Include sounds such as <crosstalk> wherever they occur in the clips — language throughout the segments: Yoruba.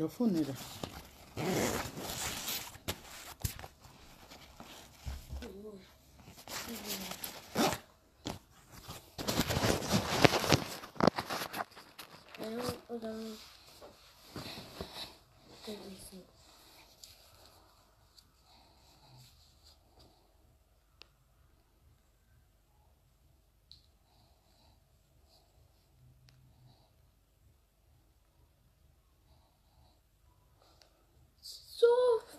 요 손으로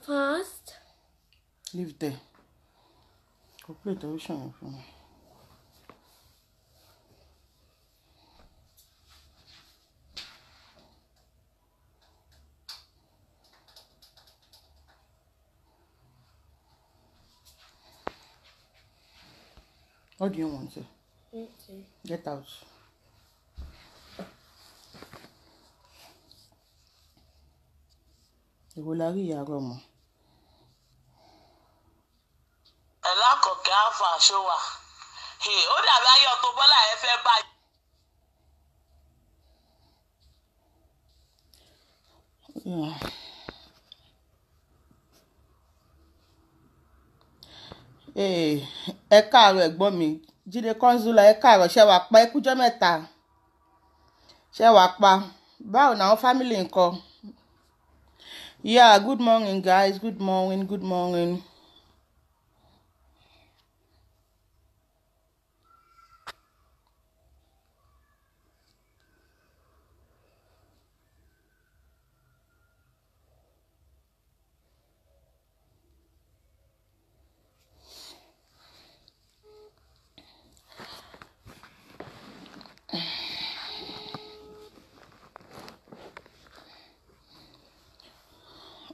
fast. leave there kò pé ìtọ́wọ́sàn yẹn fún mi. What do you want to? Okay. Get out. Èwo la rí ìyá rọ̀ mọ́? fún aṣọ wa ó dàbí ayé Auto Bola ẹ fẹ́ bá. ẹ káàárọ̀ ẹ̀gbọ́n mi Jídé Kọ́ńsúlà ẹ káàárọ̀ ṣẹ́ wàá pa ẹkújọ́ mẹ́ta ṣẹ́ wàá pa báwo làwọn fámìlì ń kọ́ yeah good morning guys good morning good morning.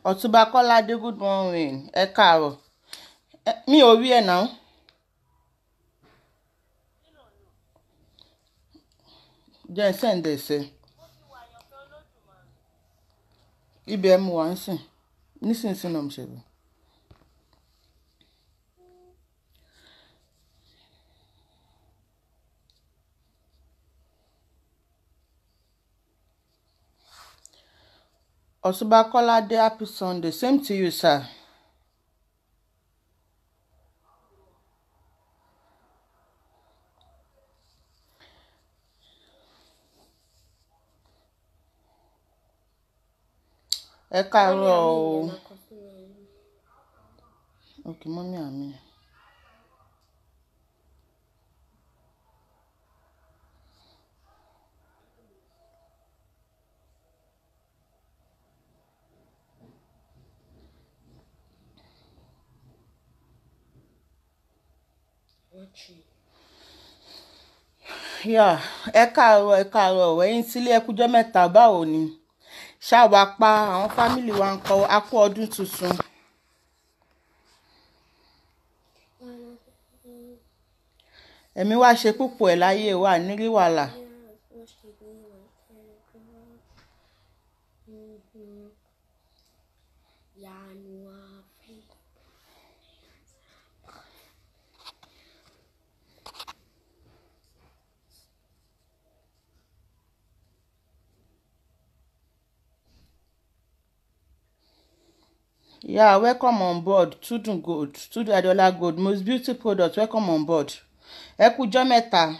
ọ̀túnba kọ́ládé good morning ẹ káàárọ̀ mi ò rí ẹ̀ náà. jẹ́ sẹ́ǹdẹ̀ ẹ̀sẹ̀ ibẹ̀ mu wá ń sìn nísinsìnyí náà mo ṣe bẹ̀. Otuba Kolade, happy Sunday. Same to you, sir. Ẹ káàárọ̀ Okay, mommy, I'm here. Yeah. Ẹ káàárọ̀, ẹ káàárọ̀ ọ̀rọ̀ ẹ̀yin sílé ẹ kújọ́ mẹ́ta báwo ni? Ṣáwa pa àwọn fámìlì wa ń kọ́ a kú ọdún tuntun. Ẹ̀mí wá ṣe púpọ̀ ẹ̀ láyé wa nírí wàhálà. Yeah. Yeah, welcome on board. Tudun Gold, Tudun Adola Gold, most beautiful product. Welcome on board. Ẹ kú jọ́ mẹ́ta.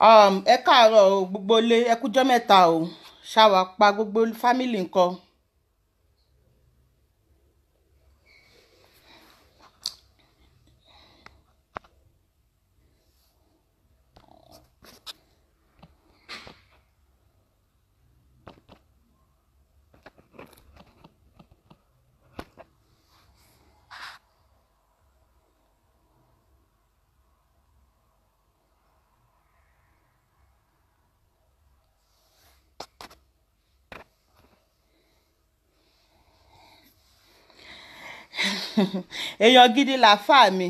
um ẹ káàárọ̀ o gbogbo ilé ẹ kú jọ́ mẹ́ta o ṣáwa pa gbogbo fámìlì nǹkan. <laughs> èèyàn gidi làáfàá mi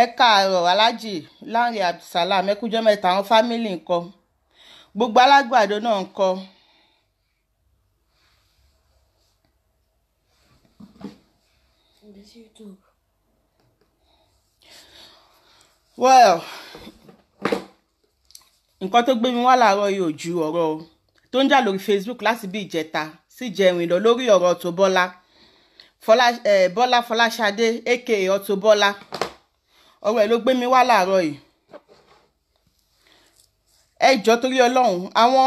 ẹ káàárọ̀ aláàjì Lanre Abdulsalam ẹ kújọ́ mẹ́ta àwọn fámìlì ńkọ́ gbogbo alágbàdo náà ńkọ́. well nǹkan tó gbé mi wá láàárọ̀ yìí ò ju ọ̀rọ̀ tó ń jà lórí Facebook láti bí ìjẹta sí jẹrin lọ lórí ọ̀rọ̀ tó bọ́lá. Fọlá eh, Bọ́lá Fọláṣadé aka Auto Bọ́lá ọ̀rọ̀ ẹ̀ ló gbé mi wá láàárọ̀ yìí ẹ jọ torí Ọlọ́run àwọn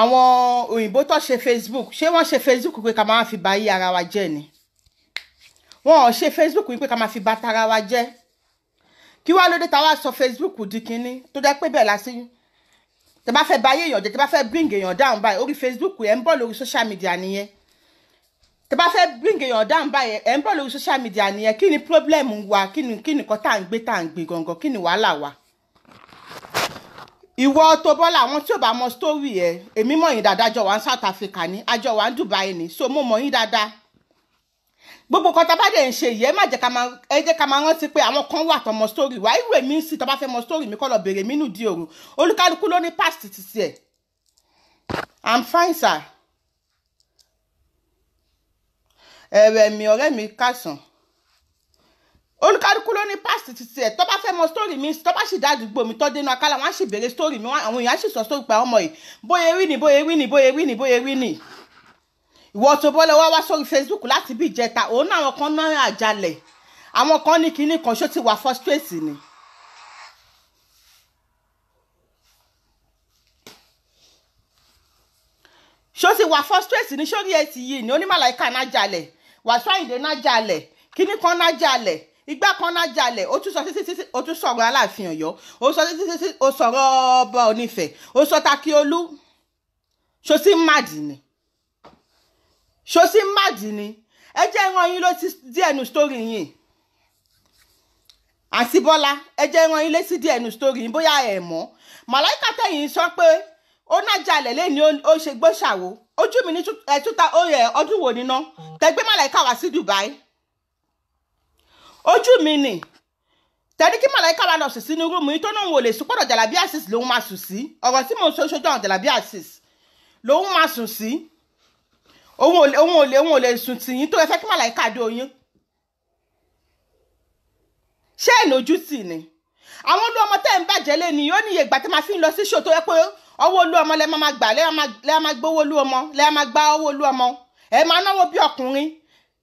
àwọn òyìnbó tó ṣe Facebook ṣé wọ́n ṣe Facebook pé ká máa fi ba yí ara wa jẹ́ ni wọ́n ò ṣe Facebook pé ká máa fi ba tara wa jẹ́ kí wàá lóde táwa sọ Facebook di kínní tó dẹ́ pé bẹ́ẹ̀ lásì tẹ bá fẹ́ ba yé èèyàn jẹ́ tẹ bá fẹ́ bring èèyàn down báyìí orí Facebook ẹ̀ ń bọ̀ lórí social media nìyẹn tẹ bá fẹ́ bring your down by. ẹ̀ ń bọ̀ lórí social media nìyẹn kí ni problem wa kí ni kí ni kan tá à ń gbé tá à ń gbé gangan kí ni wàhálà wa. ìwọ tó bọ́lá àwọn tí ò bá mọ story ẹ èmi mọ̀ yín dáadáa àjọ wa ń South Africa ni àjọ wa ń Dubai ni so mo mọ̀ yín dáadáa. gbogbo kan tá a bá dẹ̀ ń ṣe yìí ẹ má jẹ́ ká máa ẹ jẹ́ ká máa rántí pé àwọn kan wà tó mọ story wa irú èmi sì tó bá fẹ́ mọ story mi kọ́ lọ bèrè mí nù di òru olúkálukú ló ní past ti tiẹ̀ I'm fine sir. ẹ̀rẹ̀ mi ọ̀rẹ́ mi kásán olùkálukú ló ní pásítì títí ẹ̀ tó bá fẹ́ mọ sítórì mi tó bá sì dádùúgbò mi tó dénú akálà wọn á sì béèrè sítórì mi àwọn èèyàn á sì sọ sórí pa ọmọ yìí bóyá rí ni bóyá rí ni bóyá rí ni bóyá rí ni ìwọ tó bọ́ lọ́wọ́ wá sórí Facebook láti bí ìjẹta òun náà àwọn kan náà àjálẹ̀ àwọn kan ní kinní kan ṣó ti wà frustrate ni. ṣó ti wà frustrate ni sórí ẹ̀ ti yìí ni onímọ̀ àlàyé kan náà jalè Wasiu Ayinde náà jalè kíní kan náà jalè ìgbà kan náà jalè ó tún sọ títí títí ó tún sọ̀rọ̀ aláàfin Ọ̀yọ́ ó sọ títí títí ó sọ̀rọ̀ ọba onífẹ̀ ó sọ Takiolú ṣosí mádì ni ṣosí mádì ni ẹ jẹ́ ìran yín ló ti díẹ̀ nu sítórì yìí àti Bọ́lá ẹ jẹ́ ìran yín lé sí díẹ̀ nu sítórì yìí bóyá ẹ̀ mọ́ màláìka tẹ̀yìn sọ pé ó nájàlẹ̀ lẹ́ni ó ṣe gbóṣàwó ojú mi ní ẹ̀túta eh, oyè eh, ọdún wo níná tẹ́gbẹ́ màláìka wá sí Dubai ojú mi nì tẹ́ni kí màláìka wá lọ sùn sínú rúùmù yìí tó náà wò lè sùn pọ̀dọ̀ jàlábí àṣìṣ lòun máa sùn sí ọ̀rọ̀ tí mò ń sojú àwọn jàlábí àṣìṣ lòun máa sùn sí òun ò lè òun ò lè sùn tì yín tó ẹ fẹ́ kí màláìka dé oyin ṣé ìnójú tì ni àwọn olú ọmọ tẹ́ ń bàjẹ́ lé ni ó ní ìyẹ̀gbà tí màá fi ń lọ sí ṣòtó ẹ pé ọwọ́ olú ọmọ lẹ máa gbà lẹ máa gbowó olú ọmọ lẹ máa gbá owó olú ọmọ ẹ máa náwó bí ọkùnrin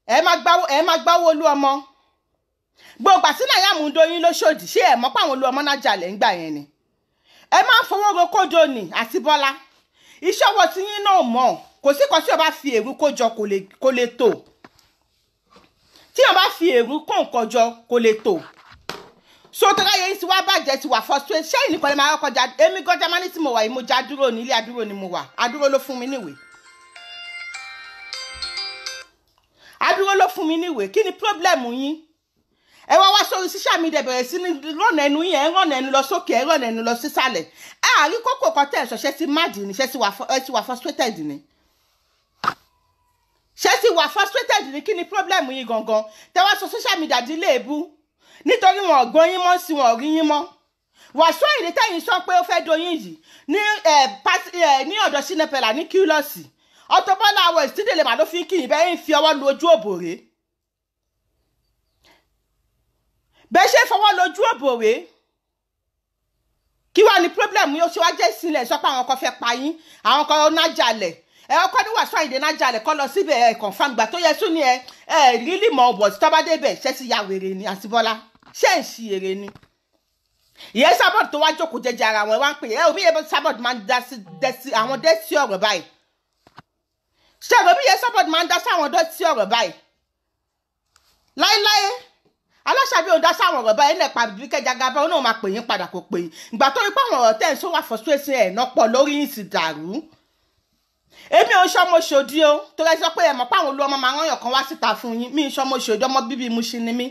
ẹ máa gbá owó olú ọmọ gbogbo àti náà yàmù doyin lóṣòdì ṣé ẹ mọ̀ pé àwọn olú ọmọ náà jalè ń gbà yẹn ni ẹ máa fowó ro kódo nì àti bọ́lá iṣẹ́ ọwọ́ tí yín náà mọ̀ kò sí kan tí o bá fi èrú kó kò lè tò tí o bá fi èrú kó nǹkan jọ kò lè tò so tó láyé yín ti wá bàjẹ́ ti wà frustrate ṣé ìnìkan lè máa kọjá èmi gan Jámánì tí mo wà yìí mo já dúró nílé àdúró ni mo wà àdúró ló fún mi níwèé àdúró ló fún mi níwèé kí ni problem yín ẹ wá wá sórí social media bẹ̀rẹ̀ sí ní rọ̀nà ẹnu yẹn ẹ rọ̀nà ẹnu lọ sókè ẹ rọ̀nà ẹnu lọ sísàlẹ̀ ẹ àrí kókò kan tẹ̀ sọ ṣẹ́ ti mad ni ṣẹ́ ti wà frustrated ni ṣẹ́ ti wà frustrated ni kí ni problem yín gangan tẹ wá sọ social media di léèbù nítorí wọn ọ̀gbọ́n yín mọ́ sí wọn rí yín mọ́ wàásù òyìnbó tẹ̀yìn sọ pé ó fẹ́ doyin yìí ní ní ọ̀dọ̀ sinepela ní kílọ̀sì Auto Bola àwọ̀ ìsídèlè màá ló fi ń kíyìn bẹ́ẹ̀ ń fi ọwọ́ lu ojú òbòrè bẹ́ẹ̀ ṣe fọwọ́ lu ojú òbòrè kí wàá ní problem yóò ṣe wá jẹ́ ìsinlẹ̀ sọ pé àwọn kan fẹ́ pa yín àwọn kan nájàlẹ̀ ẹ ọkọ ní wàásù àyìndé nájàlẹ̀ kọ́ lọ síbẹ̀ ẹ̀ kọ̀ǹfàǹgbà tó yẹ sún ni ẹ ẹ̀ rí lìmọ̀ ọ̀bọ̀ tí tọ́ba débẹ̀ ṣẹ́ ti ya wèrè ni àti Bọ́lá ṣé ń ṣe èrè ni ìyẹn sábọ̀dù tó wá jókòó jẹ́jẹ́ ara wọn wá ń pè é omi ìyẹn sábọ̀dù máa ń dá sí dẹ́sí àwọn dẹ́sí ọ̀rọ̀ báyìí ṣé omi ìyẹn sábọ̀dù máa ń dá sí àwọn dẹ́sí ọ̀rọ̀ báyìí láéláé aláṣàbí ò dá sáwọn ọ̀rọ̀ báyìí nípa bí kẹjàgà bá onáà máa pè yín padà kò pè yín ìgbà tó rí pé àwọn ọ̀rọ̀ tẹ̀ ń sọ wà fọ́ sóèsì ẹ̀ nọ́pọ̀ lórí yìí sì dàrú. èmi ò sọmọ ṣòdí o torí ẹ sọ pé ẹ mọ̀ pé àwọn olú ọmọ máa ń rán yàn kan wá síta fún yín mi ò sọmọ ṣòdí ọmọ bíbí mu ṣi ni mí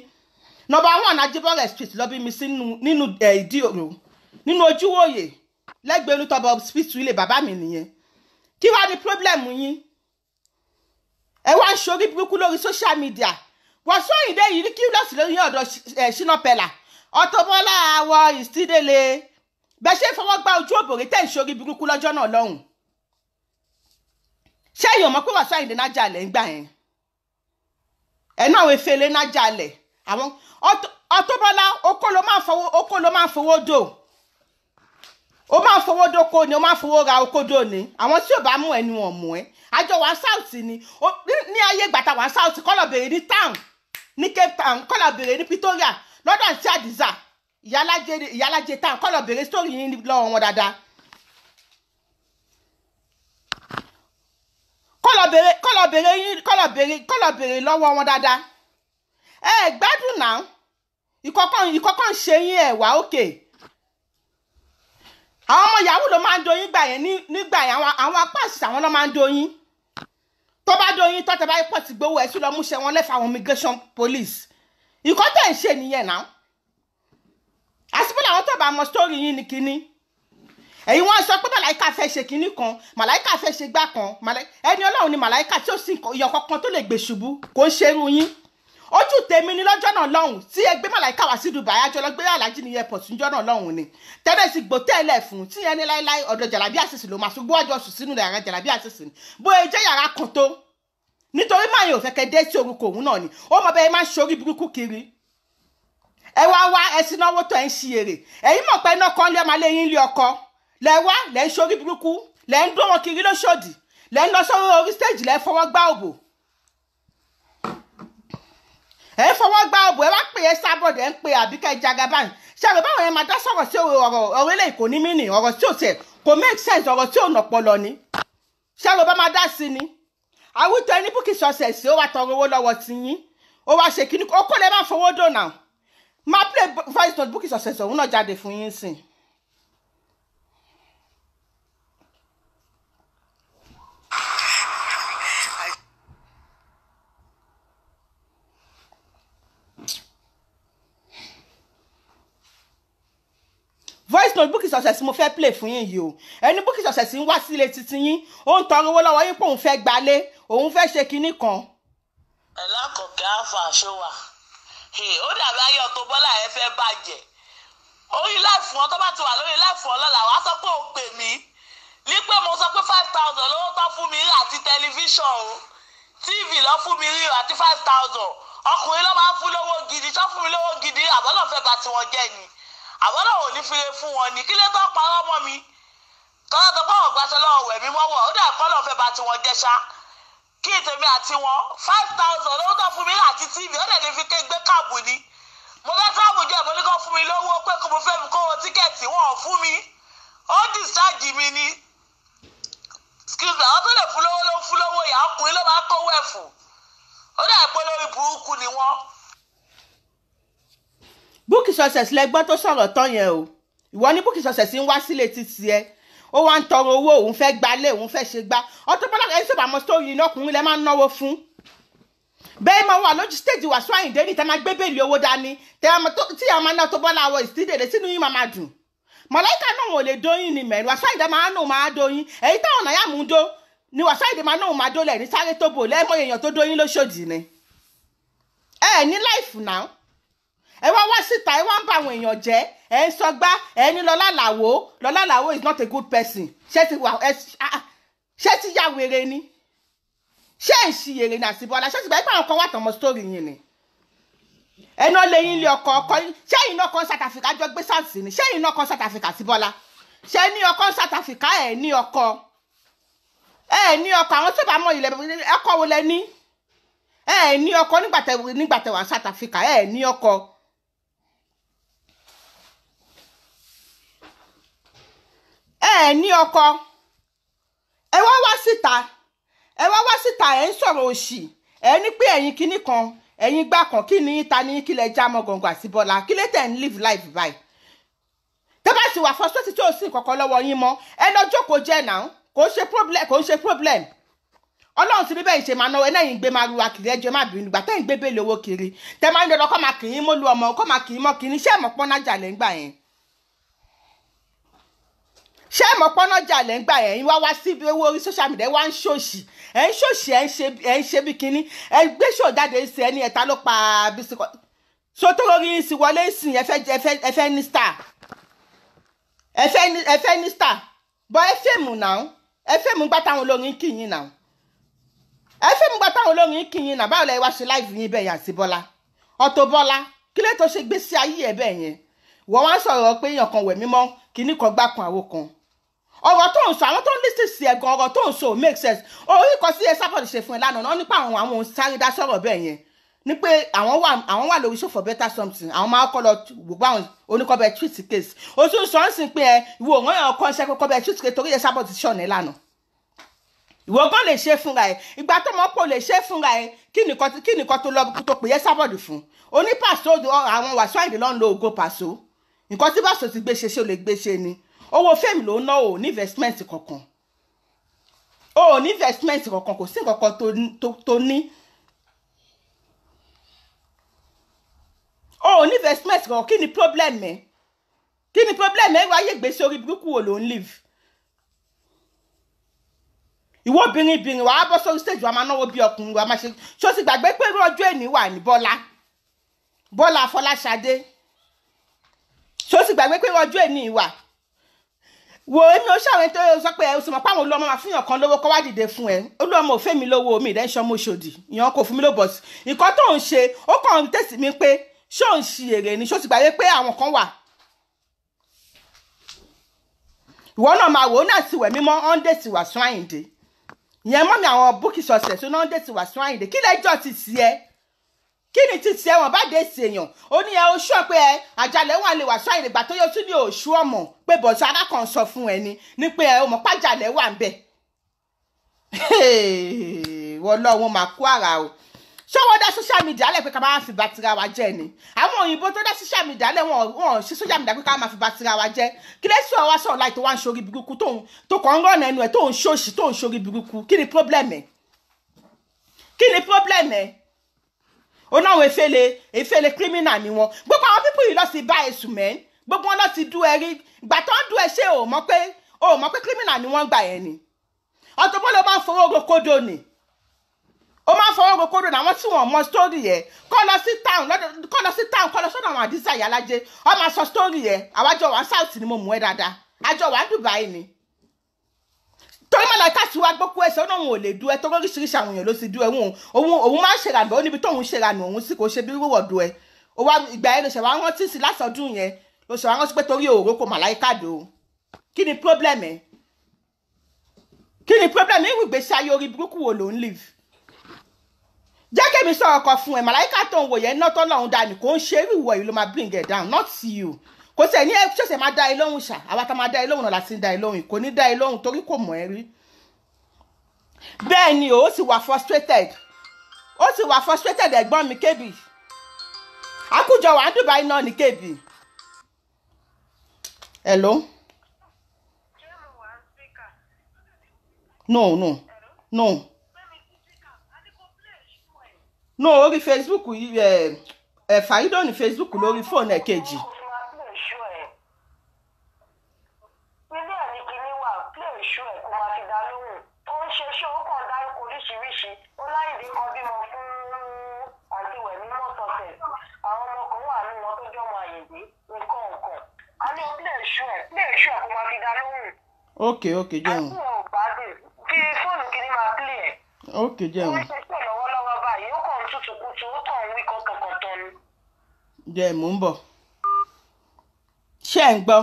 number one Ajibọrẹ street lọ́bí mi sí nínú ìdí òrò nínú ojúwòye lẹ́gbẹ̀ẹ́ onítọ̀bọ̀ hospital ilé bàbá mi nìyẹn kí wàá ní problem yín ẹ wá ń ṣorí burúkú lórí social media wọ́n sóyìndé yìí ní kí lọ́sì lórí ọ̀dọ̀ ṣínà pẹ̀lá ọ̀tọ̀bọ́lá àwọ̀ ìsídélé bẹ́ẹ̀ ṣe fọwọ́ gba ojú òbòrè tẹ̀ ń ṣorí burúkú lọ́jọ́ náà lọ́hùn ṣé èèyàn mọ̀ pé wọ́n sóyìndé náà jalè ń gbà yẹn ẹ̀ náà wọ́n efele náà jalè àwọn Auto-Bola oko ló máa fowó oko ló máa fowó do o máa fowó dóko ni o máa fowó ra oko do ní àwọn tí ò bá mú ẹnu wọn mú ẹ àjọ wa south ni ní ayé gbàtà wa south kọ́lọ̀ bèrè ní town ní Cape Town kọ́lọ̀ bèrè ní Pretoria lọ́dọ̀ àti àdìsá ìyálájẹ ìyálájẹ town kọ́lọ̀ bèrè sórí yín lọ́wọ́ wọn dáadáa. kọ́lọ̀ bèrè kọ́lọ̀ bèrè yín bèrè kọ́lọ̀ wọn dáadáa ẹ gbádùn náà ìkọ̀kan ìkọ̀kan ṣe yín ẹ̀ wá òkè àwọn ọmọ yahoo ló máa ń doyín gbà yẹn nígbà yẹn àwọn apáàsì àwọn ló máa ń doyín tó bá doyín tó tẹ bá pọ̀ ti gbowó ẹ̀ sí lọ́ọ́ múṣẹ́ wọn lẹ́fà àwọn immigration police ìkọ́ tẹ̀ ń ṣe nìyẹn náà àsìkò àwọn tó bá mọ sítórì yín ni kínní ẹ̀yin wọ́n sọ pé màláìka fẹ́ ṣe kínní kan màláìka fẹ́ ṣe gbá kan ẹni ọlọ́run ni màláìka tí ó sì yọ kankan tó lè gbèṣubú kò ń ṣerú yín ojú tèmi ni lọ́jọ́ náà lọ́hùn tí ẹgbẹ́ màláìka wá sí Dubai àjọ lọ gbé aláàjì ní airport níjọ́ náà lọ́hùn ni tẹ́lẹ̀sì gbòtẹ́ẹ̀lẹ̀ fún tí ẹni láíláí ọ̀dọ̀ jàlábí àṣìṣì ló máa ṣùgbọ́n ọjọ́ sùn sínú yàrá jàlábí àṣìṣì ni bóyá jẹ́ yàrá kan tó nítorí máa yàn ò fẹ́ kẹ́ dé sí orúkọ òun náà ni ó mọ bẹ́ẹ̀ máa ń ṣorí burúkú kiri ẹ wá wá ẹ sì náwó tó ẹ ń ṣi èrè ẹ̀yin mọ̀ pé iná kan lé ọmọ alẹ́ yín lé ọkọ lẹ wá lẹ stage lẹ fọwọ́ gbá òbò ẹ fọwọ́ gba ọ̀bù ẹ wá pè é sábọ̀dù ẹ ń pe àbíkẹ́ jagaban ṣàrò báwọn yẹn máa dá sọ̀rọ̀ sí ọ̀rọ̀ ọ̀rọ̀ eléyìí kò ní mínì ọ̀rọ̀ tí ò kò make sense ọ̀rọ̀ tí ò nà pọlọ ni ṣàrò bá máa dá sí ni àwùjọ ẹni búkì sọ̀sẹ̀ sí ó wá tọrọ owó lọ́wọ́ ti yín ó wá ṣe kíní ó kó lè má fowó máa play voice note búkì sọ̀sẹ̀ sọ̀hún náà jáde fún yín sìn. based on Bukky Success mo fẹ́ play fún yín yìí o ẹni Bukky Success ń wá sílé títí yín ó ń tọrọ owó lọ́wọ́ yín pé òun fẹ́ gbalé òun fẹ́ ṣe kinní kan. ẹlákọ̀ọ́kẹ́ àfà ṣọwà ó dàbí ayé Auto Bola ẹ fẹ́ bàjẹ́ orí láìfún ọ tó bá ti wà lórí láìfún ọ lọ́la wàá sọ pé ó pè mí ní pé mo sọ pé five thousand lówó tán fún mi rà àti tẹlifíṣàn o tv lọ fún mi rírà àti five thousand ọkùnrin ló máa ń fún lówó gidi tó fún mi lówó gidi àbọ̀lọ́fẹ́ bá tiwọn jẹ́ ni àwọn náà ò ní fi fún wọn ní kílé tó parọ́ mọ́ mi tọ́lá tó pọ̀ gbàṣẹ lọ́wọ́ wẹ̀ mí mọ́wọ́ ó dà kọ́ lọ́ọ́ fẹ́ bá tiwọn jẹ́ ṣá kí ètèmi àti wọn five thousand owó tó fún mi láti tv ó dẹ̀ ní fi ké gbé káàbù ni mo fẹ́ tíráàbù jẹ́ ìbọn nígbà fún mi lówó pé kò mo fẹ́ mi kówó tíkẹ́ẹ̀tì wọn fún mi ó discharge mi ni excuse me àwọn tó lè fún lówó ló ń fún lówó ìyá ọkùnrin ló máa kówó ẹ̀fù ó dẹ̀ pé burúkú ni wọ́n. Bukky Success lẹgbọ́n tó sọ̀rọ̀ tán yẹn o ìwọ ní Success ń wá sílé títí ẹ ó wá ń tọrọ owó òun fẹ́ gbalé òun fẹ́ ṣe gbá Auto Bola iná ọkùnrin máa ń náwó fún bẹ́ẹ̀ wà lójú stéèjì ní gbé bẹ́ẹ̀lì owó dání tí a máa ná Auto Bola wọ ìsídèrè sínú yín máa dùn mọ̀lẹ́kà náà wọn lè dóyin ni mẹ́rin ẹ wá wá síta ẹ wá ń bá àwọn èèyàn jẹ́ ẹ ń sọgbá ẹ ní lọ́lá làwó lọ́lá làwó is not a good person ṣé ti wà ẹ ṣé ti yá wèrè ni ṣé ń ṣi èrè ní àsìbọ́lá ṣé ti gbà pé àwọn kan wà tọmọ sítórì yìí ni ẹnu ọlẹ́yìn ilé ọkọ̀ ọkọ̀ ṣé iná kan South Africa jọ gbé sáǹsì ni ṣé iná kan South Africa sí Bọ́lá ṣé ní ọkọ̀ South Africa ẹ̀ ní ọkọ̀ ẹ̀ ní ọkọ̀ àwọn tó bá mọ ilẹ̀ ẹ̀kọ́ wo lẹ ní ẹ̀ ní ọkọ̀ nígbàtẹ̀wà South Africa ẹ̀ ní ọkọ̀ ẹ̀ ní ọkọ ẹ wá wá síta ẹ wá wá síta ẹ ń sọ̀rọ̀ òṣì ẹ ní pé ẹ̀yin kinní kan ẹ̀yin gbà kan kí ni ta ni kí lẹ já mọ́ gọ̀ǹgọ̀ àti bọ́lá kí lè ń live life báyìí tẹ́ bá sì wà frustrate tí ò sí kankan lọ́wọ́ yín mọ́ ẹ lọ jókòó jẹ́ náà kò ń ṣe problem kò ń ṣe problem ọlọ́run ti bíbẹ̀ ìṣe máa náwó ẹlẹ́yìn gbé máa ruwa kiri ẹjọ́ máa bínú gbà tẹ́yìn gbé bèlè owó kiri tẹ́ máa ń dandan kọ́ máa kì í mọ́ lu ọmọ kọ́ máa kì í mọ́ kì í ní iṣẹ́ ìmọ̀pọ́nájà lẹ́ngbà yẹn ṣé ẹ mọ̀ pọ́nà jà lẹ́ ń gbà ẹ̀ ń wá wá sí owó orí social media wá ń ṣòṣì ẹ̀ ń ṣòṣì ẹ̀ ń ṣe bí kinní ẹ̀ ń gbé ṣò jáde sí ẹni ẹ̀ta ló pa bisikọ́ so tó lórí ìsìn wọlé ìsìn ẹ fẹ́ ní star ẹ fẹ́ ní star bọ́ ẹ fẹ́mù náà ẹ fẹ́mù gbá táwọn olórin kìyìn náà ẹ fẹ́mù gbá táwọn olórin kìyìn náà báwo lẹ wá ṣe láìfì yín bẹ́ẹ̀ yàn sí Bọ́lá Auto Bọ́lá kí lè ṣe gbé sí ayé ẹ̀ bẹ́ẹ̀ yẹn wọ́n wá sọ̀rọ̀ pé èèyàn kan wẹ̀ mímọ́ kíní kan gbá kan àwo kan ọ̀rọ̀ tó ń sọ àwọn tó ń lísì sí ẹ̀gàn ọ̀rọ̀ tó ń sọ ò make sense orí kan sí Esabod ṣe fún ẹ lánàá náà nípa àwọn àwọn sáré dá sọ̀rọ̀ bẹ́ẹ̀ yẹn ni pé àwọn wà àwọn wà lórí show for better something àwọn máa kọ́ lọ gbogbo àwọn oníkọ́bẹ̀ treat case o tún sọ ń sìn pé ẹ ìwò òun ẹ̀rọ kan ṣe kọ́bẹ̀ treat case torí Esabod ti ṣọ̀nà lánàá ìwọ gan lè ṣe fúnra ẹ ìgbà tó mọ pé o lè ṣe fúnra ẹ kí nìkan tó lọ tó pè Esabod fún oní pàṣẹ àwọn wàṣọ àìdè lọ́nà ògo pàṣẹ nǹkan tí pàṣẹ ti gbé ṣe ṣe ò lè gbé ṣe ni owó fame ló ná o ní investment kankan o ní investment kankan kò sí kankan tó ní o ní investment kankan kí ni problem ẹ kí ni problem ẹ wáyé gbèsè orí burúkú wo ló ń live ìwọ obìnrin obìnrin wàá bọ́ sórí stage wàá máa náwó bí ọkùnrin wàá máa ṣe ṣó sì gbàgbé pé irú ọjọ́ èní wà ní Bọ́lá Bọ́lá Fọláṣadé ṣó sì gbàgbé pé irú ọjọ́ wà wo èmi ó ṣàwọn tó sọ pé ẹ sọmọ páwọn olú ọmọ máa fúnyàn kan lówó kó wá dìde fún ẹ olú ọmọ ò fẹ́ mi lówó mi ìdẹ́nṣọ́ mo ṣòdì ìyàn kò fún mi lóbọ̀ sí nǹkan tó ń ṣe ó kàn ń tẹ̀sí mi pé ṣó ń ṣi èrè ni ṣó ti gbàgbé pé àwọn kan wà. ìwọ náà máa wò ó náà ti wẹ̀ mímọ́ ọ́n dé ti wà sún àyìndé ìyẹn mọ́ mi àwọn búkì sọ̀sẹ̀ tó náà ń wà sún àyìndé kí lẹ́jọ́ ti tiẹ̀ kí ni ti tiẹ̀ wọ́n bá dé sí èèyàn ó ní ẹ oṣù ọ̀pẹ ẹ àjàlẹ̀ wà lè wà sọ àyèrègbà tó yọ tún ní oṣù ọmọ pé bọ̀sọ̀ arákan sọ fún ẹni ní pé ẹ ọmọ pàjàlẹ̀ wà ń bẹ̀ wọ́n lọ́ máa kó ara o ṣé wọ́n dá social media lẹ̀ pé ká máa fi batira wa jẹ́ ni àwọn òyìnbó tó dá social media lẹ̀ wọ́n wọ́n ṣe social media pé ká máa fi batira wa jẹ́ kí lè sọ wá sọ̀rọ̀ láì tó wá ń ṣorí burúkú tó kàn ń rọ̀nà ẹnu ẹ̀ tó ṣòṣì tó ṣorí burúkú kí ni problem ẹ̀ kí ni problem ẹ̀ ó náwọn efele efele criminal ni wọn gbogbo àwọn pípù yìí lọ sí bá èṣù mẹ́ gbogbo wọn lọ sí dú ẹ rí gbà tó ń dú ẹ ṣé o mọ̀ pé o mọ̀ pé criminal ni wọ́n gbà yẹn ni ọ̀tọ̀bọ́ ló máa ń fowó ro kódò ni ó máa ń fọwọ́ gbogbo dòdò àwọn tí wọ́n mọ sítórì yẹn kọ́ lọ sí town kọ́ lọ sí town kọ́ lọ sọ́dọ̀ àwọn àdìsá ìyálàjẹ ọ máa sọ sítórì yẹn àwájọ wà south ni mo mú ẹ dáadáa àjọ wà Dubai ni torí màláìka sí wa gbókú ẹsẹ̀ ó òun ò lè du ẹ torí oríṣiríṣi àwọn èèyàn ló ti du ẹ òun òun máa ń ṣèrànà ó níbi tóun ṣèrànà òun sì kò ṣe bí wíwọ̀ du ẹ òwa ìgbà yẹn ló ṣẹ̀wá rántí sí lásọdún yẹn ló ṣẹ̀wá rántí pé torí òòró kò màláìka dò ó kí ni problem ẹ kí ni problem irú ìgbésí ayé orí burúkú wo ló ń live jẹ́ kí èmi sọ̀rọ̀ kan fún ẹ màláìka tó ń wò yẹn náà tọ́lọ́run dání kò ń ṣe irú ìwọ̀ yìí ló máa bring it down not you kò sẹ̀ ní ẹ ṣẹ̀ṣẹ̀ máa dá ẹ lóhùn ṣá àwa tá máa dá ẹ lóhùn náà láti dá ẹ lóhùn kò ní dá ẹ lóhùn torí kò mọ̀ ẹ́ rí bẹ́ẹ̀ ni ó sì wà frustrated ó sì wà frustrated ẹ̀gbọ́n mi kébì àkùjọ wà á Dubai náà ní kébì hello no no no no orí Facebook ẹ eh, eh, Fàyídọ̀ ní Facebook lórí fóònù ẹ̀ kejì. ilé ẹ̀rí kìíní wà play ṣú ẹ̀ kó máa fi dá lóhùn ó ń ṣe ṣé ó kàn dárúkọ oríṣiríṣi ó láìdí kan bímọ fún àti wẹ̀mí mọ́tọ̀tẹ̀ àwọn ọmọ kan wà nínú wọn tó ọmọ àyèdè nǹkan nǹkan a ní play ṣú ẹ̀ play ṣú ẹ̀ kó máa fi dá lóhùn. ok ok jẹun. àti wọn ò bá dé kí fóònù kìíní play ẹ̀. ok jẹun. ó ń ṣe ẹ̀ ń gbọ́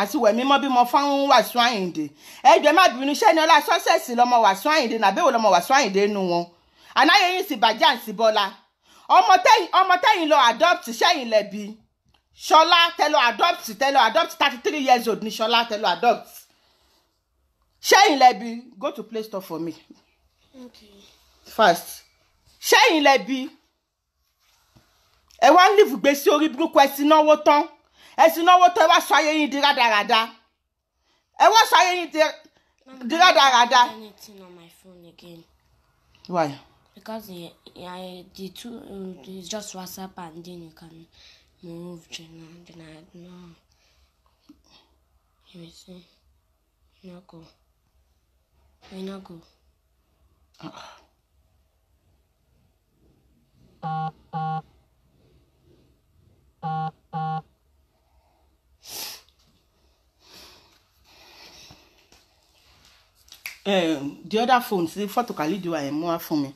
àti wẹ̀mí mọ́ bímọ fáwọn wàsíù àyìndé ẹjọ́ má bínú iṣẹ́ ni ọlá sọ́sẹ̀sì lọ́mọ wàsíù àyìndé nàbẹ́wò lọ́mọ wàsíù àyìndé nu wọn anáyé yìí sì bàjẹ́ àǹsí bọ́lá ọmọ tẹ́yìn lọ adopt sẹ́yìn lẹ́bi ṣọlá tẹ́lọ adopt tẹ́lọ adopt thirty three years old ni ṣọlá tẹ́lọ adopt sẹ́yìn lẹ́bi go to play store for me okay. fast sẹ́yìn lẹ́bi ẹ wá ń lìfù gbé sí orí burúkú ẹ náwó tán ẹ sì náwó tán ẹ wá sọ ayé yín di rádaràda ẹ wá sọ ayé yín di rádaràda. why. because yeah, I, the two um, it's just WhatsApp and then you can move then I, then I no you see no go I no go. uh Uh-uh. Uh-uh. um, the other phone tí photo wa do I wá fún mi.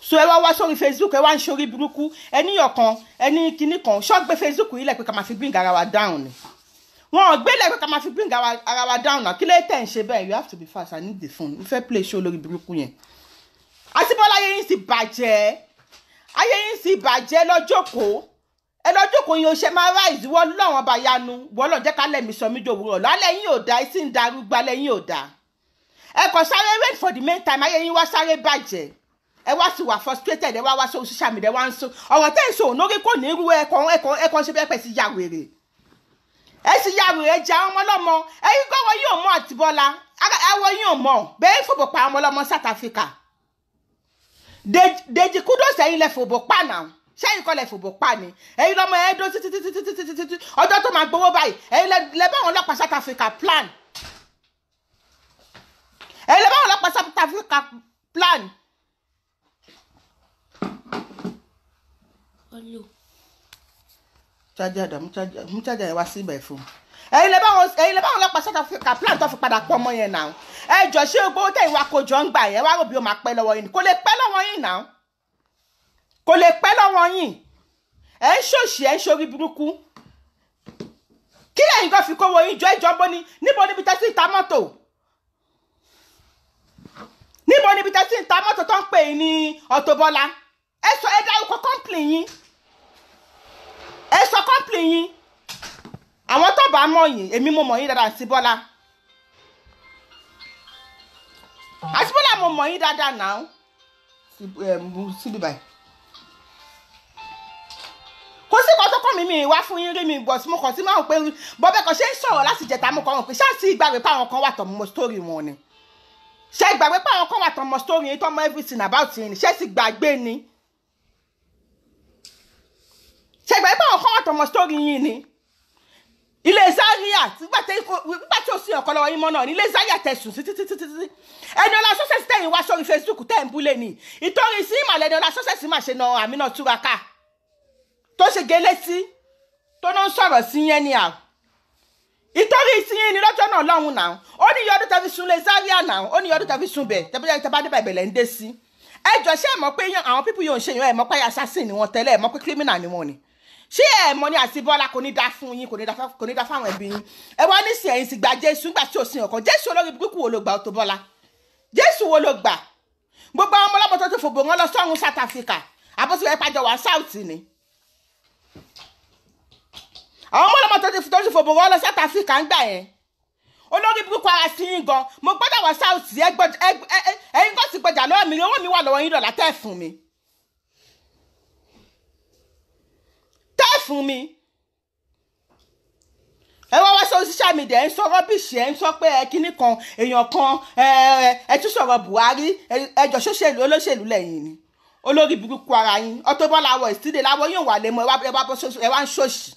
so ẹ wá wá sórí facebook ẹ wá ń sórí burúkú ẹni ọ̀kan ẹni kinní kan ṣọ́ọ̀gbẹ́ facebook yìí lẹ́pẹ́ ká máa fi bring ara wa down ni wọn ò gbé lẹ́pẹ́ ká máa fi bring ara wa down na kí lè tẹ̀ ń ṣe bẹ́ẹ̀ you have to be fast i need the phone You fẹ́ play show lórí burúkú yẹn. àti bọ́lá ayé yín sì bàjẹ́ ayé yín sì bàjẹ́ lọ́jọ́ kó ẹ lọ jókòó yín o ṣe máa ráìsì wọ́n lọ́wọ́n bá yanu wọ́n lọ jẹ́ ká lẹ́mí sọ mí dòwúrọ̀ lálẹ́ yín ò dá ẹ sì ń ò dá ẹ kàn sáré wait for the main time ayé yín wá sáré bàjẹ́ ẹ wá sí wà frustrated ẹ wá wá sórí social media wá ń sún ọ̀rọ̀ tẹ́ ń sọ ònórí kò ní irú ẹ̀kan ẹ̀kan ẹ̀kan ṣe bẹ́ẹ̀ pẹ̀ sí yàwèrè ẹ sì yàwèrè jẹ àwọn ọmọlọ́mọ ẹ̀yin gbọ́wọ́ yín ò mọ̀ àtibọ́lá ẹwọ yín ò mọ̀ bẹ́ẹ̀ fòbò pa àwọn ọmọlọ́mọ South Africa Deji kudos ẹ̀yin lẹ fòbò pa náà ṣẹ́yìn kọ́lẹ̀ fòbò pa ni ẹ̀yin lọ́mọ ẹ̀ dó títí títí títí títí ọjọ́ tó máa gbowó báyìí ẹ̀yin lẹ bá àwọn ọlọ́pàá South Africa plan ẹ̀yin lẹ bá àwọn ọlọ́pàá South Africa plan. chájà dà mú chájà yẹn wá sí ibà ẹ̀fọ́ ẹ̀yin lẹ bá àwọn ẹ̀yin lẹ bá àwọn ọlọ́pàá South Africa plan tó fi padà pọ̀ ọmọ yẹn náà ẹ jọ ṣé gbowó tẹ̀yìn wa kò jọ ń gbà yẹn wá rò bí o máa pẹ́ lọ́wọ́ yìí kò lè pẹ́ lọ́wọ́ yìí náà kò lè pẹ́ lọ́wọ́ yín ẹ̀ ń ṣòṣì ẹ̀ ń ṣorí burúkú kí lẹ́yìn kan fi kówó yín jọ ìjọba ni níbo níbi tẹ́sí ìta mọ́tò níbo níbi tẹ́sí ìta mọ́tò tó ń pè ní ọ̀tọ̀bọ́lá ẹ sọ ẹ dárúkọ kọ́ńpìlì yín ẹ sọ kọ́ńpìlì yín àwọn tó bá mọ̀ yín èmi mo mọ̀ yín dáadáa sí bọ́lá àti bọ́lá mo mọ̀ yín dáadáa náà eh, síbi báyìí kò sí nǹkan tó kọ́ mi mi wá fún yín rí mi bọ̀ sí mo kàn sí máa pé bọ́bẹ́ kan ṣe ń sọ̀rọ̀ láti jẹ̀ta mo kàn wọ́n pé ṣáàtì ìgbàgbé páwọn kan wà tọ̀mọ̀ sítórì wọn ni ṣe ìgbàgbé páwọn kan wà tọ̀mọ̀ sítórì yín tọ́mọ everything about yín ni ṣe sì gbàgbé ni ṣe ìgbàgbé páwọn kan wà tọ̀mọ̀ sítórì yín ni ilé Zaria nígbà tí o sì ọ̀kan lọ́wọ́ yín mọ́ náà ní ilé Zaria tẹ̀sùn sí títí títí títí ẹni ọlá sọ́sẹ̀sì tẹ̀yìn wá sórí Facebook tẹ̀ ń búlẹ̀ ni ìtòrí sí ìmàlẹ́ ẹni ọlá sọ́sẹ̀sì máa ṣe na àmì túraká tó ṣe gélé sí tó náà ń sọ̀rọ̀ sí yẹn ni à ìtọ́rí ìsinyìí ni lọ́jọ́ náà lọ́hùn náà ó ní iye ọdún tẹ́ fi sun lé Zaria náà ó ní iye ọdún tẹ́ fi sun bẹ̀ tẹ́bí tẹ́ bá dé bàbẹ̀ lẹ́ ń dé sí ẹ jọ ṣé ẹ mọ̀ pé àwọn pípù yóò ń ṣe yàn ẹ mọ̀ pé assassin ni wọ́n tẹ́lẹ̀ ẹ mọ̀ pé criminal ni wọ́n ni ṣé ẹ mọ̀ ní àtibọ́lá kò ní dá fún yín kò ní dá fáwọn ẹbí yín ẹ wọ́n ní sìn ẹ̀yìn sì gba Jésù gbà tí ò sìn ọ̀kan Jésù olórí pípù wo ló gbà ó tó bọ́lá Jésù wo ló gbà gbogbo àwọn ọmọ ọlọ́mọ tó ti fòbò wọn lọ sọ́run South Africa àwọn ọmọlọmọ tó ti tó ti fòbò wọ́n lọ South Africa ń gbà yẹn olórí burúkú ara sí yín gan mo gbọ́dọ̀ wá south ẹ̀yin kò sì gbọ́dọ̀ lọ́wọ́ mi owó mi wà lọ́wọ́ yín dọ̀là tẹ́ fún mi tẹ́ fún mi ẹ wá wá sórí social media ẹ ń sọ rọ́bìṣì ẹ ń sọ pé ẹ kíní kan èèyàn kan ẹ tún sọ̀rọ̀ Buhari ẹjọ́ ṣòṣèlú olóṣèlú lẹ́yìn ni olórí burúkú ara yín Auto Bola Awọ ìsídè láwọ yóò wà lẹ́mọ ẹ wá ń ṣòṣì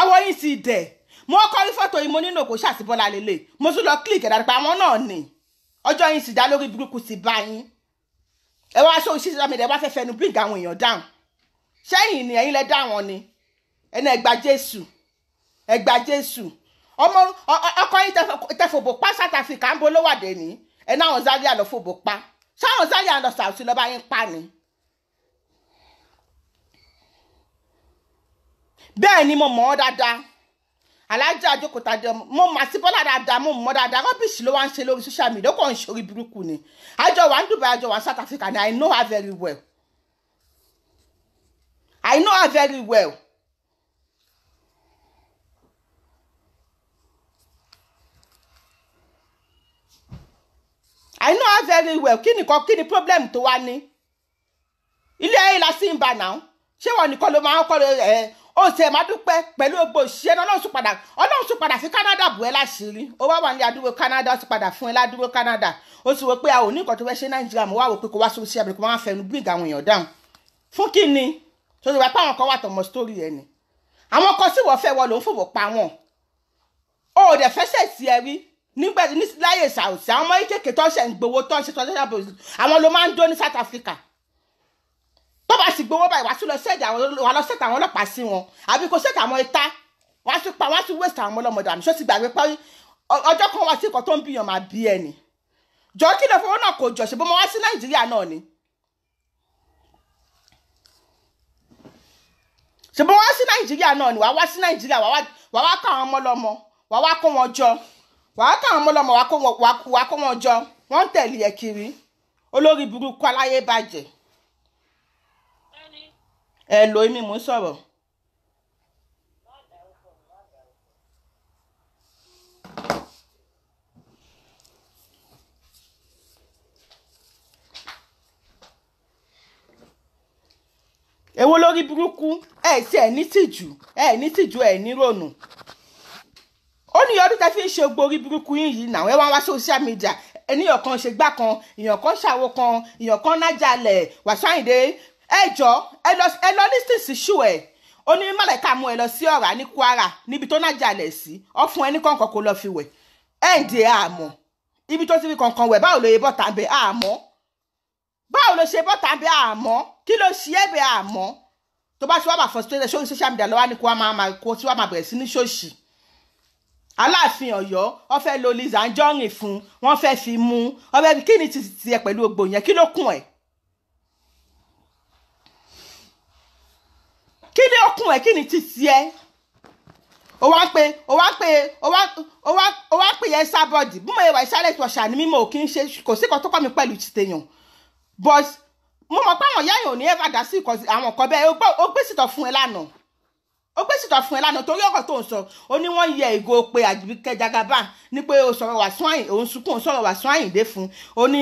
àwọn yìí sì dẹ̀ mo kọ́ rí fọ́tò yìí mo nínú kò ṣàtìbọ́lá lélẹ̀ mo tún lọ kílìkì ẹ̀dá nípa àwọn náà ni ọjọ́ yìí sì dá lórí burúkú sì bá yín ẹ wá sọ òṣìṣẹ́ sọ́mi ẹ̀ wá fẹ́ fẹnu bring àwọn èèyàn dáhùn sẹ́yìn ni ẹ̀yin lẹ dá wọn ni ẹ̀nà ẹ gbà Jésù ẹ gbà Jésù ọmọ ọkọ yìí tẹfòbò pa South Africa ń bolówàdé ni ẹ̀ náà wọn Zaria lọ fòbò pa sáwọn Zaria lọ sàùsì lọ́ba yín pa ni. bẹ́ẹ̀ ni mo mọ̀ ọ́ dáadáa alájà àjòkòtàdé mo mà sí bọ́lá dáadáa mo mọ̀ dáadáa rọ́bìṣì ló wá ń ṣe lórí social media ó kàn ń ṣe burúkú ni àjọ wa ń Dubai àjọ wa South Africa ni I know her very well I know her very well. I know her very well kí ni kí ni problem tó wá ní ilé ayé la sí ń bá náà ṣé wọn nìkan ló máa ń kọ́ ẹ ó ṣe má dúpẹ́ pẹ̀lú gbogbo òṣìṣẹ́ náà ọlọ́run sì padà ọlọ́run sì padà fi Canada bù ẹ́ láṣìírí ó wá wà ní àdúgbò Canada ó sì padà fún ẹ ládùúgbò Canada ó sì wọ pé a ò ní nǹkan tó fẹ́ ṣe Nàìjíríà mo wá wò pé kó wá sóbi sí abẹ́rẹ́ kó máa fẹnu bí ìgbà àwọn èèyàn dáhùn fún kí ni tó ti wá pé àwọn kan wà tọmọ sítórì ẹ ni àwọn kan sì wọ́n fẹ́ wọ lòun fòwò pa wọn o ò dẹ̀ fẹsẹ̀ sí ẹ rí nígbà láyè sàwùsì àwọn ọmọ yìí kéèké tó ń ṣe ń gbowó tó ń ṣe tó ń ṣe àwọn ló máa ń dó ní South Africa tó bá sì gbowó báyìí wá sí lọ sẹ́ẹ̀dì àwọn wà lọ sẹ́ẹ̀dì àwọn ọlọ́pàá sí wọn àbí kò sẹ́ẹ̀dì àwọn ìta wá sí pa wá sí wéṣì àwọn ọmọlọmọdé àmì ṣó ti gbàgbé pé ọjọ́ kan wá sí ìkọ́ tó ń bíyàn máa bí ẹni jọ kí lọ fowó náà kò jọ ṣe bó mo wá sí nàìjíríà náà ni ṣe bó wá sí nàìjíríà náà ni wà wá sí nàìjíríà wà wá kó àwọn ọmọlọmọ wà wá kó wọn jọ wà wá kó àwọn ọmọlọmọ wà kó wọn jọ wọ́n tẹ̀lé ẹ kiri olórí burúkú aláyé ẹ lo imí mú sọ̀rọ̀. èwo lórí burúkú ẹ ti ẹ ní tìjú ẹ ní tìjú ẹ ní rònú ó ní ọdún tẹ fi ń ṣe gborí burúkú yín yìí náà ẹ wá wá social media ẹníyàn kan ṣe gbá kan èèyàn kan ṣàwo kan èèyàn kan nájàlẹ̀ Wasiu Ayinde ẹ jọ ẹ lọ ẹ lọ lísìn sí ṣù ẹ ó ní mọ̀lẹ́ka mú ẹ lọ sí ọ̀rá ní Kwara níbi tó náà jalè sí ọ fún ẹ ní kọ̀ọ̀kan kó lọ́ọ́ fi wẹ̀ ẹ̀ ń de àmọ́ ibi tó ti fi kọ̀ọ̀kan wẹ̀ báwo ló yẹ bọ́ta bẹ àmọ́ báwo ló ṣe bọ́ta bẹ àmọ́ kí ló ṣe é bẹ àmọ́ tó bá ti wá bá frustrated sórí social media lọ́wọ́ ni kó wá máa kó tí wá máa bẹ̀rẹ̀ sí ní ṣòṣì aláàfin Ọ̀yọ́ wọn fẹ́ lo Lizzy Anjorin fún wọn fẹ́ fi mú wọn fẹ́ kí ni tìtìtì ẹ pẹ̀lú gbogbo yẹn kí ló kún ẹ kí ni okun ẹ kí ni ti tiẹ̀ o wá pé o wá pé o wá o wá o wá pè yẹn sábọ̀dì bí mo yẹ wà ìsàlẹ̀ tó ṣà ní mímọ́ ò kí n ṣe kò sí kan tó kọ́ mi pẹ̀lú tìtẹ̀yàn but mo mọ̀ pé àwọn yáyàn ò ní ever dá sí àwọn nǹkan bẹ́ẹ̀ ó gbé sìtọ̀ fún ẹ lánàá ó gbé sìtọ̀ fún ẹ lánàá torí ọ̀rọ̀ tó ń sọ ó ní wọ́n yẹ ìgò pé Àjíbíkẹ́ Jagaba ní pé o sọ̀rọ̀ wà sún àyìn òun sunkún sọ̀rọ̀ wà sún Àyìndé fún ó ní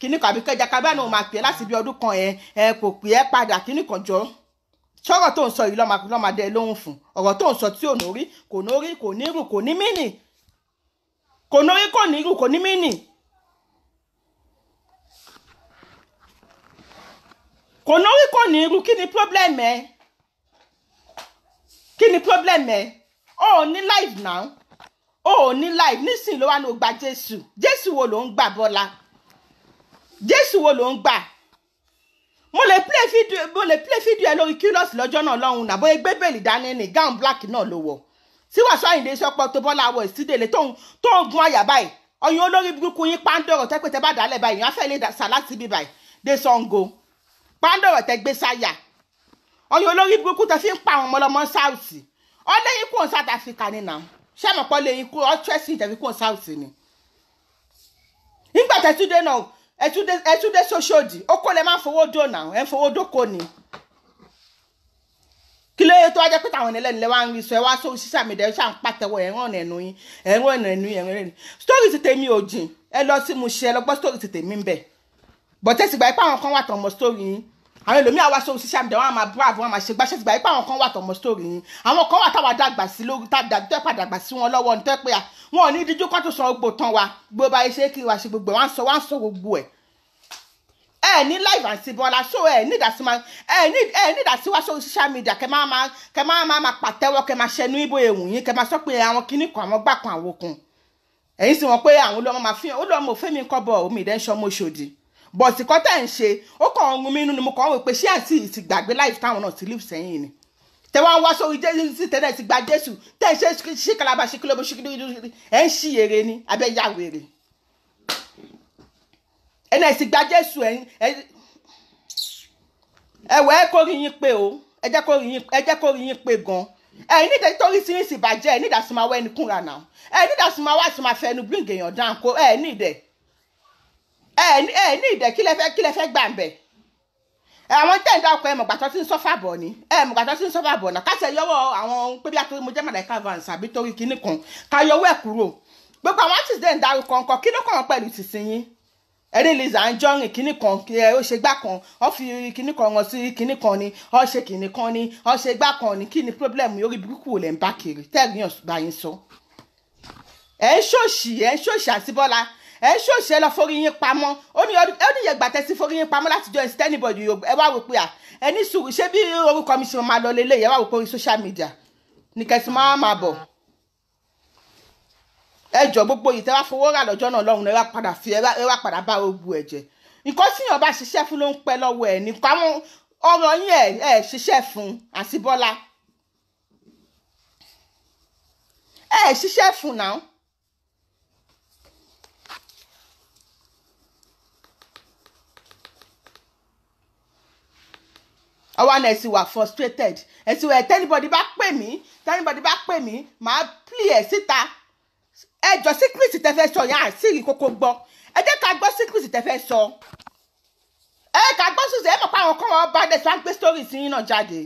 kíníkan Àbíkẹ́ Jagaba náà máa pè é láti bí ọdún kan ẹ kò pè é padà kíníkan jọ́ sọ̀rọ̀ tó ń sọ yìí lọ́màdé lóhùn fún ọ̀rọ̀ tó ń sọ tí ò nórí kò nórí kò nírù kò ní mínì kò nórí kò nírù kò ní mínì kò nórí kò nírù kí ni problem ẹ kí ni problem ẹ o ò ní live now o ò ní live nísìnyí ló wà ní o gba Jésù Jésù wo ló ń gbà Bọ́lá Jésù wo ló ń gbà mo lè play fídíò mo lè play fídíò ẹ lórí curious lọ́jọ́ náà lọ́hùn nàbó egbé bèlì dání ní gown black náà ló wọ̀ tí Wasiu Ayinde sọpọ̀ tó bọ́lá wọ̀ sídèlè tó ń gun àyà báyìí ọyàn olórí burúkú yín pàǹdọ̀rọ̀ tẹ́ pé tẹ́ bá dálẹ̀ báyìí yàn á fẹ́ lè sàlátì bí báyìí dé Ṣàngó pàǹdọ̀rọ̀ tẹ́ gbé sáyà ọyàn olórí burúkú tẹ́ fi ń pa àwọn ọmọlọmọ sáùsì ọlẹ́yìn kò South Africa nínà sẹ́mọ̀pọ̀ lẹ́yìn kò ọ́ ẹtúndé sọ́sọ́dì okó lẹ máa ń fowó dò náà ẹ ń fowó dòkó ni kí ló yẹ tó wá jẹ́ pé táwọn ẹlẹ́ni lẹ wá ń rí sọ ẹ wá sórí sísà mi dẹ̀ ṣáà ń pàtẹ́wọ́ ẹ̀ rán ẹ̀nu yín ẹ̀ rán ẹ̀nu yín ẹ̀rán ẹ̀nu story ti tèmi ò jìn ẹ lọ sí mu ṣe ẹ lọ gbọ́ story ti tèmi ń bẹ̀ bọ̀tẹ́ sì gbà pé àwọn kan wà tọmọ story yín àwọn ẹlòmíà wá sórí sísà mi dẹ̀ wọ́n á máa bravo wọ́n á máa ṣe gbàṣẹ́ sì gbà pé àwọn kan wà tọmọ story yín àwọn kan wà táwa dàgbà sí lórí tẹ́ padàgbà sí wọn lọ́wọ́ ní tẹ́ pé wọn ò ní díjú kó tó san gbò tán wa gbogbo ayé ṣe é kiri wá ṣe gbogbo wọn á sọ wọn á sọ gbogbo ẹ̀ ẹ ní live àti bọ́lá so ẹ ní ìdásí máa ẹ ní ẹ ní ìdásí wá sórí social media kẹ máa máa kẹ máa máa máa pàtẹ́wọ́ kẹ máa ṣẹnu ibo èwù yín kẹ máa sọ pé àwọn kinní kan àwọn gbà àwọn okun ẹ̀yin sì wọ́n pé àwọn olóòmọ máa fi hàn olóòmọ òfin mi kọ́ bọ̀ omi ìdẹ́nsọ́ mo ṣòdì bọ̀sì kan tẹ̀ ń ṣe ó kàn ń rún mi nínú mo kàn ń wò pé ṣé àti ìtì gbàgbé live táwọn náà ti live sẹ́yìn ni tẹwọn wá sórí jésù tẹ́lẹ̀ ti gba jésù tẹ̀ ń ṣe ṣíkàlábà ṣíkìlóbó ṣíkìlóbó ẹ̀ ń ṣí èrè ni abẹ́yà wèrè ẹnà ẹ̀sìn gba jésù ẹ̀yìn ẹ̀wọ̀ ẹ̀ kó rí pé o ẹ jẹ́ kó rí yín pé gan ẹ̀yin níta nítorí sírísì bàjẹ́ ẹ̀ níta sì máa wá ẹni kúnra náà ẹ̀ níta sì máa wá sì máa fẹ́ ẹnu bring èèyàn down kó ẹ̀ ní ìdẹ̀ ẹ̀ ní ìdẹ̀ kí lẹ fẹ́ kí lẹ fẹ́ gbà ń bẹ̀ àwọn tẹ̀ ń dá ọkọ̀ ẹ̀ mọ̀gbà tó ti ń sọ́fà bọ̀ ni ẹ̀ mọ̀gbà tó ti ń sọ́fà bọ̀ náà káṣẹ̀ yọwọ́ àwọn pé bí a tó mo jẹ́ màláìka vans àbí torí kinní kan ká yọwọ́ ẹ̀ kúrò gbogbo àwọn artist dẹ̀ ń darúkọ nǹkan kí ló pẹ̀lú tìsín ẹrí liza ń jọrìn kínní kan ó ṣe gbá kan ó fi kínní kan wọn sí kínní kan ni ó ṣe kínní kan ni ó ṣe gbá kan ni kí ni problem orí burúkú ò lẹ̀ ń bá kiri tẹ́ẹ̀ríyàn bá yín sọ. ẹ ń ṣòṣì ẹ ń ṣòṣì àti bọ́lá ẹ ń ṣòṣì ẹ lọ forí yín pamọ́ ó ní ìyẹn gbàtẹ́ sí forí yín pamọ́ láti jọ ẹsẹ̀ anybody ẹ wá wò pé à ẹ ní sùúrù ṣé bí orúkọ mi ṣe máa lọ lélẹ̀ ẹ wá wò pé orí social media ní kẹsì máa máa bọ̀ ẹjọ gbogbo yìí tẹ wá fowó rà lọ́jọ́ náà lọ́hùn ẹ wá padà fi ẹ wá padà bá ogbù ẹ jẹ nǹkan tí yàn bá ṣiṣẹ́ fún ló ń pẹ́ lọ́wọ́ ẹ ní káwọn ọ̀rọ̀ yín ẹ ẹ ṣiṣẹ́ fún àṣìbọ́lá ẹ ṣiṣẹ́ fún náà. àwa náà sì wà frustrated ẹ sì wà tẹ́nibọ̀dì bá pè mí tẹ́nibọ̀dì bá pè mí màá plì ẹ̀ síta ẹ jọ síkírìtì tẹ fẹ́ sọ yẹn àṣírí kókó gbọ́ ẹ jẹ́ ká gbọ́ síkírìtì tẹ fẹ́ sọ ẹ ká gbọ́ sísè é mọ̀ pé àwọn kan wọn bá dẹ̀ sọ àgbé sítórì sí yín náà jáde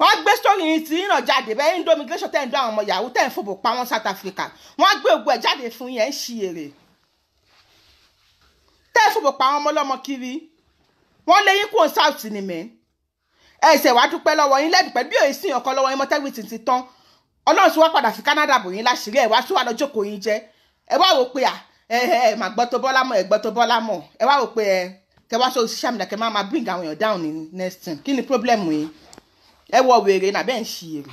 wọ́n gbé sítórì yín sí yín náà jáde bẹ́ẹ̀ ń do immigration tẹ̀ ń do àwọn ọmọ yahoo tẹ̀ ń fòbò pa wọn South Africa wọ́n gbé ògùn ẹ̀ jáde fún yẹn ń ṣi èrè tẹ́ ẹ fòbò pa àwọn ọmọ ọlọ́mọ kiri wọ́n lé yín kúrò South nìmẹ́ ẹ̀sẹ̀ wàá dúpẹ́ lọ́wọ́ yín lẹ́dùpẹ́ bí òye sí ìyànkọ́ lọ́wọ́ yín mọ́tẹ́gbìtì ti tán ọlọ́run sì wá padà fi Canada bò yín láṣìírí ẹ̀ wá sí wà lọ́jọ́ kò yín jẹ́ ẹ wá wò pé à ẹ ẹ mà gbọ́ tó bọ́lá mọ̀ ẹ gbọ́ tó bọ́lá mọ̀ ẹ wá wò pé ẹ kẹ wá sọ social media kẹ máa máa bring àwọn èèyàn down ní next time kí ni problem yìí ẹ wọ wèrè nàbẹ́ ń ṣiyèrè